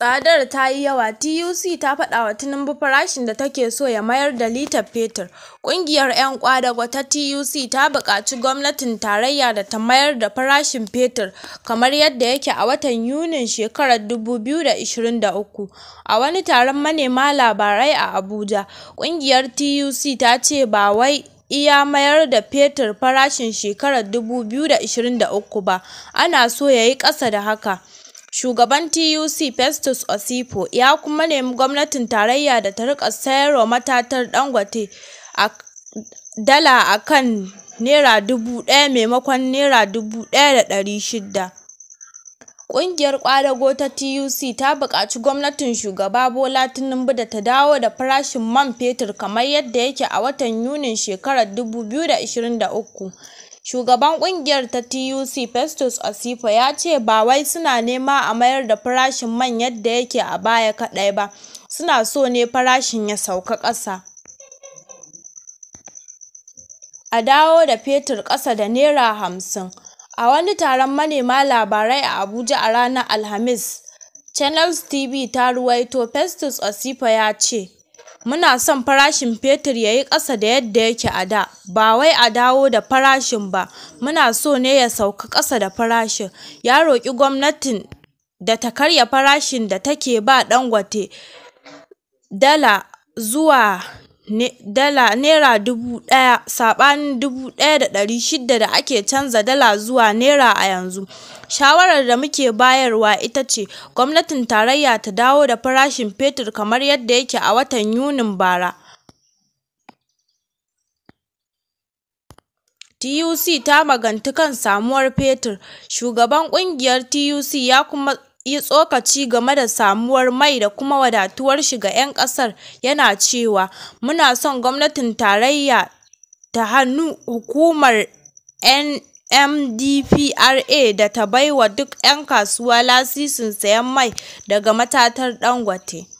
Tsadar ta yi yawa, TUC ta faɗa wa Tinubu farashin da take so ya mayar da litar fetur. Ƙungiyar 'yan ƙwadago ta TUC ta buƙaci gwamnatin tarayya da ta mayar da farashin fetur kamar yadda yake a watan Yunin shekarar 2023. A wani taron manema labarai a Abuja, ƙungiyar TUC ta ce ba wai iya mayar da fetur farashin shekarar 2023 ba, ana so ya yi ƙasa da haka. Shugaban TUC Festus Osifo ya kuma nemi gwamnatin tarayya da ta riƙa wa matatar Dangote dala a kan Naira dubu ɗaya maimakon Naira dubu ɗaya da ɗari shida. Ƙungiyar ƙwadago ta TUC ta buƙaci gwamnatin Shugaba Bola Tinubu da ta dawo da farashin man fetur kamar yadda yake a watan Yunin shekarar 2023. Shugaban ƙungiyar ta TUC Festus Osifo ya ce ba wai suna nema a mayar da farashin man yadda yake a baya kaɗai ba, suna so ne farashin ya sauka ƙasa. A dawo da fetur ƙasa da Naira hamsin. A wani taron manema labarai a Abuja a ranar Alhamis, Channels TV ta ruwaito Festus Osifo ya ce, Muna son farashin fetur ya yi ƙasa da yadda yake a da, ba wai a dawo da farashin ba, muna so ne ya sauka ƙasa da farashin,” ya roƙi gwamnatin da ta karya farashin da take ba Dangote dala zuwa dala naira dubu ɗaya saɓanin dubu ɗaya da ɗari shida da ake canza dala zuwa naira a yanzu. Shawarar da muke bayarwa ita ce gwamnatin tarayya ta dawo da farashin fetur kamar yadda yake a watan Yunin bara. TUC ta magantu kan samuwar fetur. Shugaban kungiyar TUC ya kuma yi tsokaci game da samuwar mai da kuma wadatuwar shi ga 'yan ƙasar yana cewa, muna son gwamnatin tarayya ta hannu hukumar NMDPRA da ta baiwa duk 'yan kasuwa lasisin sayan mai daga matatar Dangote.